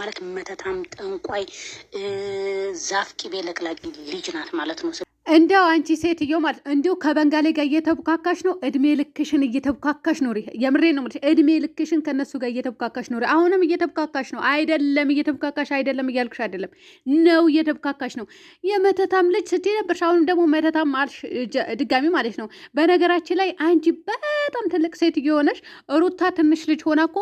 ማለት መተታም ጠንቋይ ዛፍ ቂቤ ለቅላቂ ልጅ ናት ማለት ነው። እንደው አንቺ ሴትዮ ማለት እንዲሁ ከበንጋሌ ጋር እየተቡካካሽ ነው። እድሜ ልክሽን እየተቡካካሽ ኖሪ። የምሬ ነው እድሜ ልክሽን ከነሱ ጋር እየተቡካካሽ ኖሪ። አሁንም እየተቡካካሽ ነው። አይደለም እየተቡካካሽ አይደለም እያልኩሽ አይደለም፣ ነው እየተቡካካሽ ነው። የመተታም ልጅ ስትይ ነበርሽ፣ አሁንም ደግሞ መተታም አልሽ ድጋሚ ማለት ነው። በነገራችን ላይ አንቺ በጣም ትልቅ ሴትዮ ሆነሽ ሩታ ትንሽ ልጅ ሆና እኮ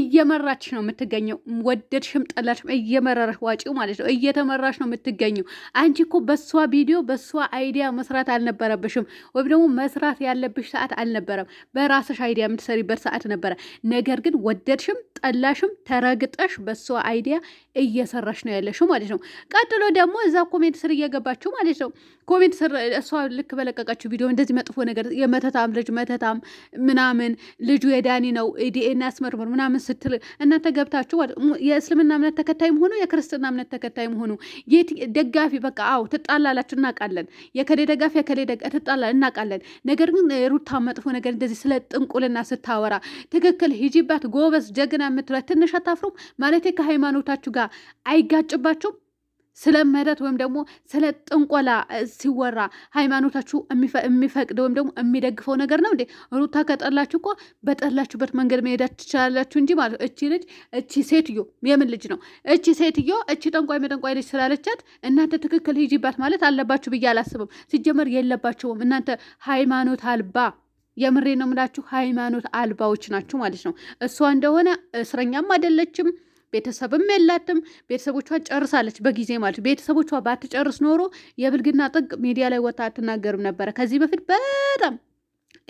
እየመራች ነው የምትገኘው። ወደድሽም ጠላሽም እየመራሽ ዋጪው ማለት ነው፣ እየተመራሽ ነው የምትገኘው። አንቺ እኮ በሷ ቪዲዮ በሷ አይዲያ መስራት አልነበረብሽም፣ ወይም ደግሞ መስራት ያለብሽ ሰዓት አልነበረም። በራስሽ አይዲያ የምትሰሪበት ሰዓት ነበረ። ነገር ግን ወደድሽም ጠላሽም ተረግጠሽ በሷ አይዲያ እየሰራሽ ነው ያለሽው ማለት ነው። ቀጥሎ ደግሞ እዛ ኮሜንት ስር እየገባችሁ ማለት ነው። ኮሜንት ስር እሷ ልክ በለቀቀችው ቪዲዮ እንደዚህ መጥፎ ነገር የመተታም ልጅ መተታም ምናምን ልጁ የዳኒ ነው ዲኤንኤ አስመርምር ምናምን ስትል እናንተ ገብታችሁ የእስልምና እምነት ተከታይ መሆኑ የክርስትና እምነት ተከታይ መሆኑ ሆኑ ደጋፊ በቃ አዎ ትጣላላችሁ እናውቃለን። የከሌ ደጋፊ የከሌ ደጋ ትጣላ እናውቃለን። ነገር ግን ሩታ መጥፎ ነገር እንደዚህ ስለ ጥንቁልና ስታወራ ትክክል ሂጂባት ጎበዝ ጀግና የምትሏት ትንሽ አታፍሩም? ማለቴ ከሃይማኖታችሁ ጋር አይጋጭባችሁም? ስለ ምህረት ወይም ደግሞ ስለ ጥንቆላ ሲወራ ሃይማኖታችሁ የሚፈቅድ ወይም ደግሞ የሚደግፈው ነገር ነው እንዴ? ሩታ ከጠላችሁ እኮ በጠላችሁበት መንገድ መሄዳ ትችላላችሁ እንጂ ማለት እቺ ልጅ እቺ ሴትዮ የምን ልጅ ነው እቺ ሴትዮ? እቺ ጠንቋይ መጠንቋይ ልጅ ስላለቻት እናንተ ትክክል ሂጂባት ማለት አለባችሁ ብዬ አላስብም። ሲጀመር የለባችውም እናንተ ሃይማኖት አልባ የምሬ ነው የምላችሁ፣ ሃይማኖት አልባዎች ናችሁ ማለት ነው። እሷ እንደሆነ እስረኛም አይደለችም፣ ቤተሰብም የላትም። ቤተሰቦቿ ጨርሳለች በጊዜ ማለት ቤተሰቦቿ ባትጨርስ ኖሮ የብልግና ጥግ ሚዲያ ላይ ወጣ አትናገርም ነበረ። ከዚህ በፊት በጣም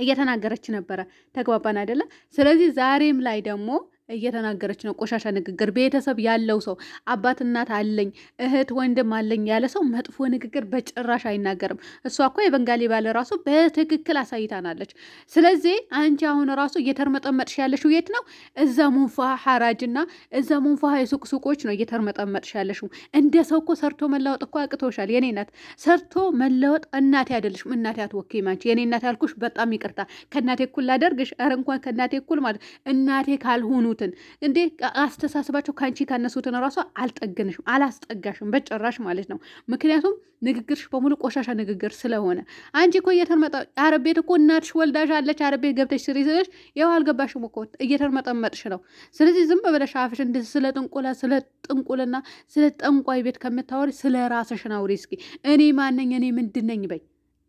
እየተናገረች ነበረ። ተግባባን አይደለም? ስለዚህ ዛሬም ላይ ደግሞ እየተናገረች ነው። ቆሻሻ ንግግር ቤተሰብ ያለው ሰው አባት እናት አለኝ እህት ወንድም አለኝ ያለ ሰው መጥፎ ንግግር በጭራሽ አይናገርም። እሷ እኮ የበንጋሊ ባለ ራሱ በትክክል አሳይታናለች። ስለዚህ አንቺ አሁን ራሱ እየተርመጠመጥሽ ያለሽው የት ነው? እዛ ሙንፋ ሐራጅና እዛ ሙንፋ የሱቅ ሱቆች ነው እየተርመጠመጥሽ ያለሽው። እንደ ሰው እኮ ሰርቶ መላወጥ እኮ አቅቶሻል። የኔ እናት ሰርቶ መላወጥ እናቴ አይደለሽም። እናቴ አትወኪም አንቺ። የኔ እናት ያልኩሽ በጣም ይቅርታ ከእናቴ እኩል ላደርግሽ። ኧረ እንኳን ከእናቴ እኩል ማለት እናቴ ካልሆኑ ያሉትን እንዴ አስተሳሰባቸው ከአንቺ ካነሱትን ራሷ አልጠገንሽም አላስጠጋሽም በጭራሽ ማለት ነው። ምክንያቱም ንግግርሽ በሙሉ ቆሻሻ ንግግር ስለሆነ አንቺ እኮ እየተርመጠ አረብ ቤት እኮ እናትሽ ወልዳሽ አለች አረብ ቤት ገብተሽ ስሪ ስለሽ ያው አልገባሽም እኮ እየተርመጠመጥሽ ነው። ስለዚህ ዝም በበለሽ አፍሽ እንደ ስለ ጥንቁላ ስለ ጥንቁልና ስለ ጠንቋይ ቤት ከምታወሪ ስለ ራስሽን አውሪ እስኪ። እኔ ማነኝ እኔ ምንድነኝ በይ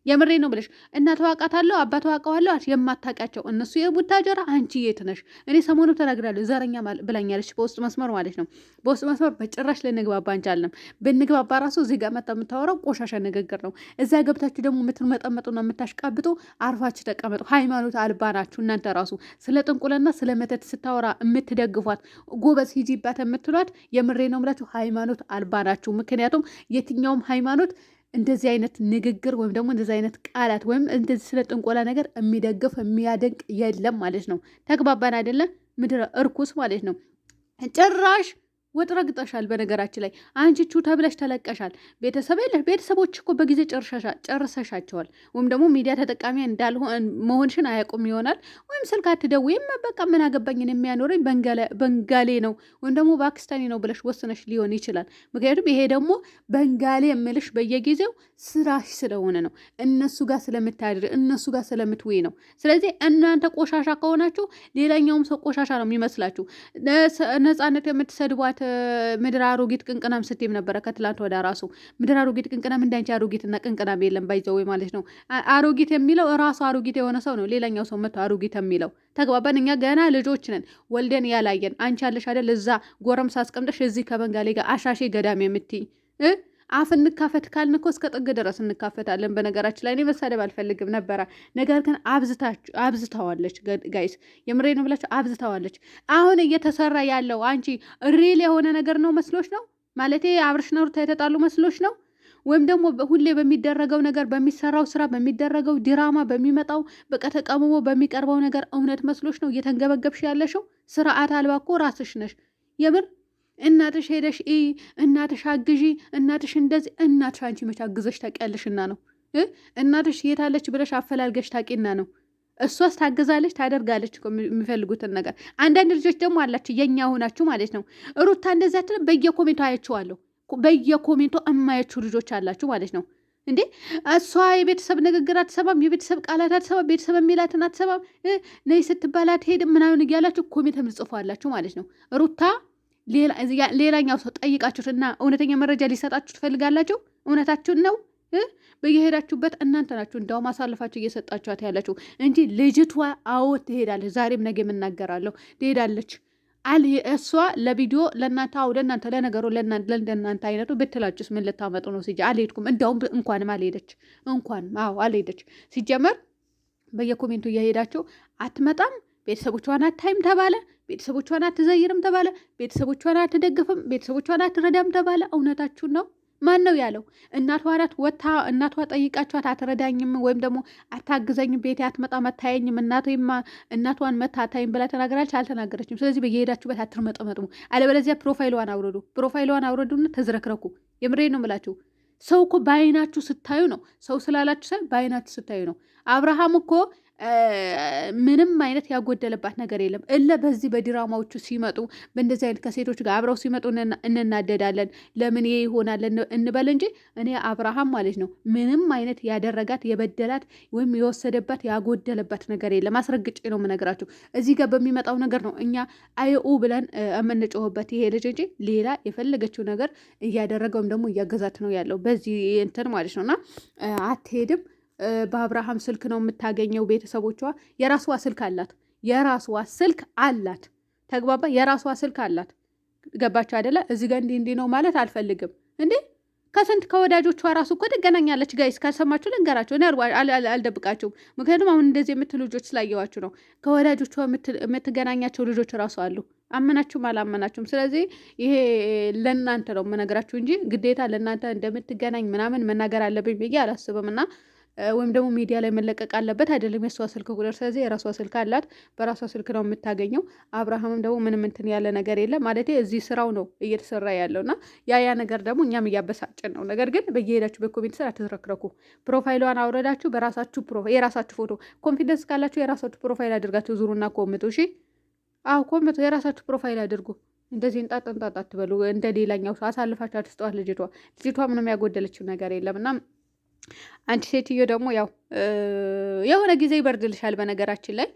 የምሬ ነው ብለሽ እናት ዋቃታለሁ አባት ዋቀዋለሁ የማታውቂያቸው እነሱ የቡታጀራ አንቺ የት ነሽ? እኔ ሰሞኑ ተናግራለሁ ዘረኛ ብላኛለች፣ በውስጥ መስመር ማለት ነው። በውስጥ መስመር በጭራሽ ልንግባባ አንቻልንም። ብንግባባ ራሱ እዚህ ጋር መጣ የምታወራው ቆሻሻ ንግግር ነው። እዛ ገብታችሁ ደግሞ የምትመጠመጡና የምታሽቃብጡ አርፋችሁ ተቀመጡ። ሃይማኖት አልባ ናችሁ እናንተ ራሱ። ስለ ጥንቁልና ስለ መተት ስታወራ የምትደግፏት ጎበዝ ሂጂባት የምትሏት የምሬ ነው ብላችሁ ሃይማኖት አልባ ናችሁ። ምክንያቱም የትኛውም ሃይማኖት እንደዚህ አይነት ንግግር ወይም ደግሞ እንደዚህ አይነት ቃላት ወይም እንደዚህ ስለ ጥንቆላ ነገር የሚደግፍ የሚያደንቅ የለም ማለት ነው። ተግባባን አይደለ ምድረ እርኩስ ማለት ነው ጭራሽ ወጥ ረግጠሻል። በነገራችን ላይ አንቺ ቹ ተብለሽ ተለቀሻል። ቤተሰብ የለሽ። ቤተሰቦች እኮ በጊዜ ጨርሰሻቸዋል። ወይም ደግሞ ሚዲያ ተጠቃሚ እንዳልሆን መሆንሽን አያውቁም ይሆናል። ወይም ስልክ አትደውይም። በቃ ምን አገባኝን የሚያኖረኝ በንጋሌ ነው ወይም ደግሞ ፓኪስታኒ ነው ብለሽ ወስነሽ ሊሆን ይችላል። ምክንያቱም ይሄ ደግሞ በንጋሌ የምልሽ በየጊዜው ስራሽ ስለሆነ ነው። እነሱ ጋር ስለምታድር እነሱ ጋር ስለምትውይ ነው። ስለዚህ እናንተ ቆሻሻ ከሆናችሁ ሌላኛውም ሰው ቆሻሻ ነው የሚመስላችሁ። ነፃነት የምትሰድቧት ምድር አሮጊት ቅንቅናም ስትም ነበረ ከትላንት ወደ ራሱ ምድር አሮጊት ቅንቅናም እንዳንቺ አሮጊትና ቅንቅናም የለም ወይ ማለት ነው። አሮጊት የሚለው ራሱ አሮጊት የሆነ ሰው ነው። ሌላኛው ሰው መጥቶ አሮጊት የሚለው ተግባባን። እኛ ገና ልጆች ነን ወልደን ያላየን። አንቺ አለሽ አይደል እዛ ጎረምሳ አስቀምጠሽ እዚህ ከበንጋሌ ጋር አሻሼ ገዳም የምትይ አፍ እንካፈት ካልን እኮ እስከ ጥግ ድረስ እንካፈታለን። በነገራችን ላይ እኔ መሳደብ አልፈልግም ነበረ፣ ነገር ግን አብዝታዋለች። ጋይስ የምሬ ነው ብላችሁ አብዝታዋለች። አሁን እየተሰራ ያለው አንቺ ሪል የሆነ ነገር ነው መስሎች ነው ማለት አብርሽ ሩታ የተጣሉ መስሎች ነው ወይም ደግሞ ሁሌ በሚደረገው ነገር በሚሰራው ስራ በሚደረገው ድራማ በሚመጣው በቃ ተቀምሞ በሚቀርበው ነገር እውነት መስሎች ነው እየተንገበገብሽ ያለሽው። ስርዓት አልባ እኮ ራስሽ ነሽ የምር እናትሽ ሄደሽ ኢ እናትሽ አግዢ እናትሽ እንደዚህ እናትሽ አንቺ መች አግዘሽ ታውቂያለሽና ነው እናትሽ የታለች ብለሽ አፈላልገሽ ታቂና ነው እሷስ ታግዛለች ታደርጋለች የሚፈልጉትን ነገር አንዳንድ ልጆች ደግሞ አላችሁ የእኛ ሆናችሁ ማለት ነው ሩታ እንደዚያ ትል በየኮሜንቱ አያችኋለሁ በየኮሜንቱ እማያችሁ ልጆች አላችሁ ማለት ነው እንዴ እሷ የቤተሰብ ንግግር አትሰማም፣ የቤተሰብ ቃላት አትሰማም፣ ቤተሰብ የሚላትን አትሰማም፣ ነይ ስትባላት ሄድ ምናምን እያላችሁ ኮሜንት ምጽፏላችሁ ማለት ነው ሩታ ሌላኛው ሰው ጠይቃችሁት እና እውነተኛ መረጃ ሊሰጣችሁ ትፈልጋላችሁ። እውነታችሁን ነው በየሄዳችሁበት እናንተ ናችሁ እንዳውም አሳልፋችሁ እየሰጣችኋት ያላችሁ እንጂ ልጅቷ አዎ ትሄዳለች። ዛሬም ነገ የምናገራለሁ ትሄዳለች አል እሷ ለቪዲዮ ለእናንተ አዎ ለእናንተ ለነገሩ ለእናንተ አይነቱ ብትላችሁስ ምን ልታመጡ ነው? ሲጀ አልሄድኩም። እንዳውም እንኳንም አልሄደች እንኳንም አዎ አልሄደች። ሲጀመር በየኮሜንቱ እየሄዳቸው አትመጣም ቤተሰቦቿን አታይም ተባለ። ቤተሰቦቿን አትዘይርም ተባለ። ቤተሰቦቿን አትደግፍም፣ ቤተሰቦቿን አትረዳም ተባለ። እውነታችሁን ነው። ማን ነው ያለው? እናቷ ናት ወታ እናቷ ጠይቃችኋት አትረዳኝም ወይም ደግሞ አታግዘኝም፣ አትመጣ አትመጣም፣ አታየኝም፣ እናቷን መታ ብላ ተናገራለች። አልተናገረችም። ስለዚህ በየሄዳችሁበት አትርመጥመጥሙ፣ አለበለዚያ ፕሮፋይሏን አውረዱ፣ ፕሮፋይሏን አውረዱና ተዝረክረኩ። የምሬ ነው ምላችሁ። ሰው እኮ በአይናችሁ ስታዩ ነው። ሰው ስላላችሁ ሳይ በአይናችሁ ስታዩ ነው። አብርሃም እኮ ምንም አይነት ያጎደለባት ነገር የለም እለ በዚህ በድራማዎቹ ሲመጡ በእንደዚህ አይነት ከሴቶች ጋር አብረው ሲመጡ እንናደዳለን። ለምን ይሄ ይሆናል እንበል እንጂ እኔ አብርሃም ማለት ነው ምንም አይነት ያደረጋት የበደላት ወይም የወሰደባት ያጎደለባት ነገር የለም። አስረግጬ ነው የምነግራችሁ። እዚህ ጋር በሚመጣው ነገር ነው እኛ አይኡ ብለን የምንጮህበት ይሄ ልጅ እንጂ ሌላ የፈለገችው ነገር እያደረገ ወይም ደግሞ እያገዛት ነው ያለው በዚህ እንትን ማለት ነው እና አትሄድም በአብርሃም ስልክ ነው የምታገኘው። ቤተሰቦቿ የራሷ ስልክ አላት፣ የራሷ ስልክ አላት። ተግባባ። የራሷ ስልክ አላት። ገባች አደለ? እዚህ ጋር እንዲህ እንዲህ ነው ማለት አልፈልግም እንዴ ከስንት ከወዳጆቿ ራሱ እኮ ትገናኛለች። ጋይስ ካልሰማችሁ ልንገራችሁ፣ አልደብቃችሁም። ምክንያቱም አሁን እንደዚህ የምት ልጆች ስላየዋችሁ ነው። ከወዳጆቿ የምትገናኛቸው ልጆች ራሱ አሉ፣ አመናችሁም አላመናችሁም። ስለዚህ ይሄ ለእናንተ ነው የምነግራችሁ እንጂ ግዴታ ለእናንተ እንደምትገናኝ ምናምን መናገር አለብኝ ብዬ አላስብም እና ወይም ደግሞ ሚዲያ ላይ መለቀቅ አለበት አይደለም የእሷ ስልክ ቁጥር። ስለዚህ የራሷ ስልክ አላት፣ በራሷ ስልክ ነው የምታገኘው። አብርሃምም ደግሞ ምንም እንትን ያለ ነገር የለም ማለት እዚህ ስራው ነው እየተሰራ ያለው እና ያ ያ ነገር ደግሞ እኛም እያበሳጭን ነው። ነገር ግን በየሄዳችሁ በኮሜንት ስር አትዝረክረኩ። ፕሮፋይሏን አውረዳችሁ በራሳችሁ የራሳችሁ ፎቶ ኮንፊደንስ ካላችሁ የራሳችሁ ፕሮፋይል አድርጋችሁ ዙሩና ኮምቱ። እሺ አዎ ኮምቱ፣ የራሳችሁ ፕሮፋይል አድርጉ። እንደዚህ እንጣጥ እንጣጥ አትበሉ። እንደ ሌላኛው አሳልፋችሁ አትስጠዋት። ልጅቷ ልጅቷ ምንም ያጎደለችው ነገር የለም እና አንቺ ሴትዮ ደግሞ ያው የሆነ ጊዜ ይበርድልሻል። በነገራችን ላይ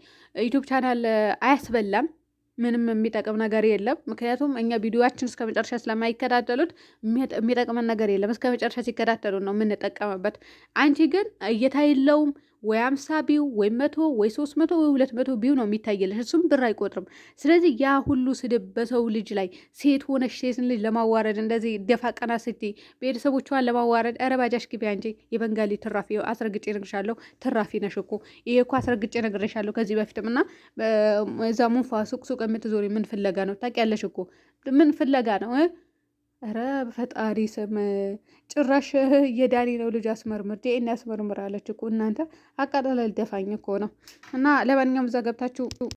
ዩቱብ ቻናል አያስበላም፣ ምንም የሚጠቅም ነገር የለም። ምክንያቱም እኛ ቪዲዮችን እስከ መጨረሻ ስለማይከታተሉት የሚጠቅመን ነገር የለም። እስከ መጨረሻ ሲከታተሉ ነው የምንጠቀምበት። አንቺ ግን እይታ የለውም ወይ አምሳ ቢው ወይ መቶ ወይ ሶስት መቶ ወይ ሁለት መቶ ቢው ነው የሚታየልሽ። እሱም ብር አይቆጥርም። ስለዚህ ያ ሁሉ ስድብ በሰው ልጅ ላይ ሴት ሆነሽ ሴትን ልጅ ለማዋረድ እንደዚህ ደፋ ቀና ስትይ ቤተሰቦቿን ለማዋረድ ኧረ ባጃሽ ግቢ አንቺ የበንጋሊ ትራፊ። አስረግጬ እነግርሻለሁ ትራፊ ነሽ እኮ ይሄ እኮ አስረግጬ እነግርሻለሁ ከዚህ በፊትም እና እዛ ሙንፋ ሱቅ ሱቅ የምትዞሪ ምን ፍለጋ ነው? ታውቂያለሽ እኮ ምን ፍለጋ ነው? እ ረ ፈጣሪ ስም ጭራሽ የዳኒ ነው ልጅ አስመርምር ዲኤን ያስመርምራለች እኮ እናንተ አቃጠለ ልደፋኝ እኮ ነው። እና ለማንኛውም እዛ ገብታችሁ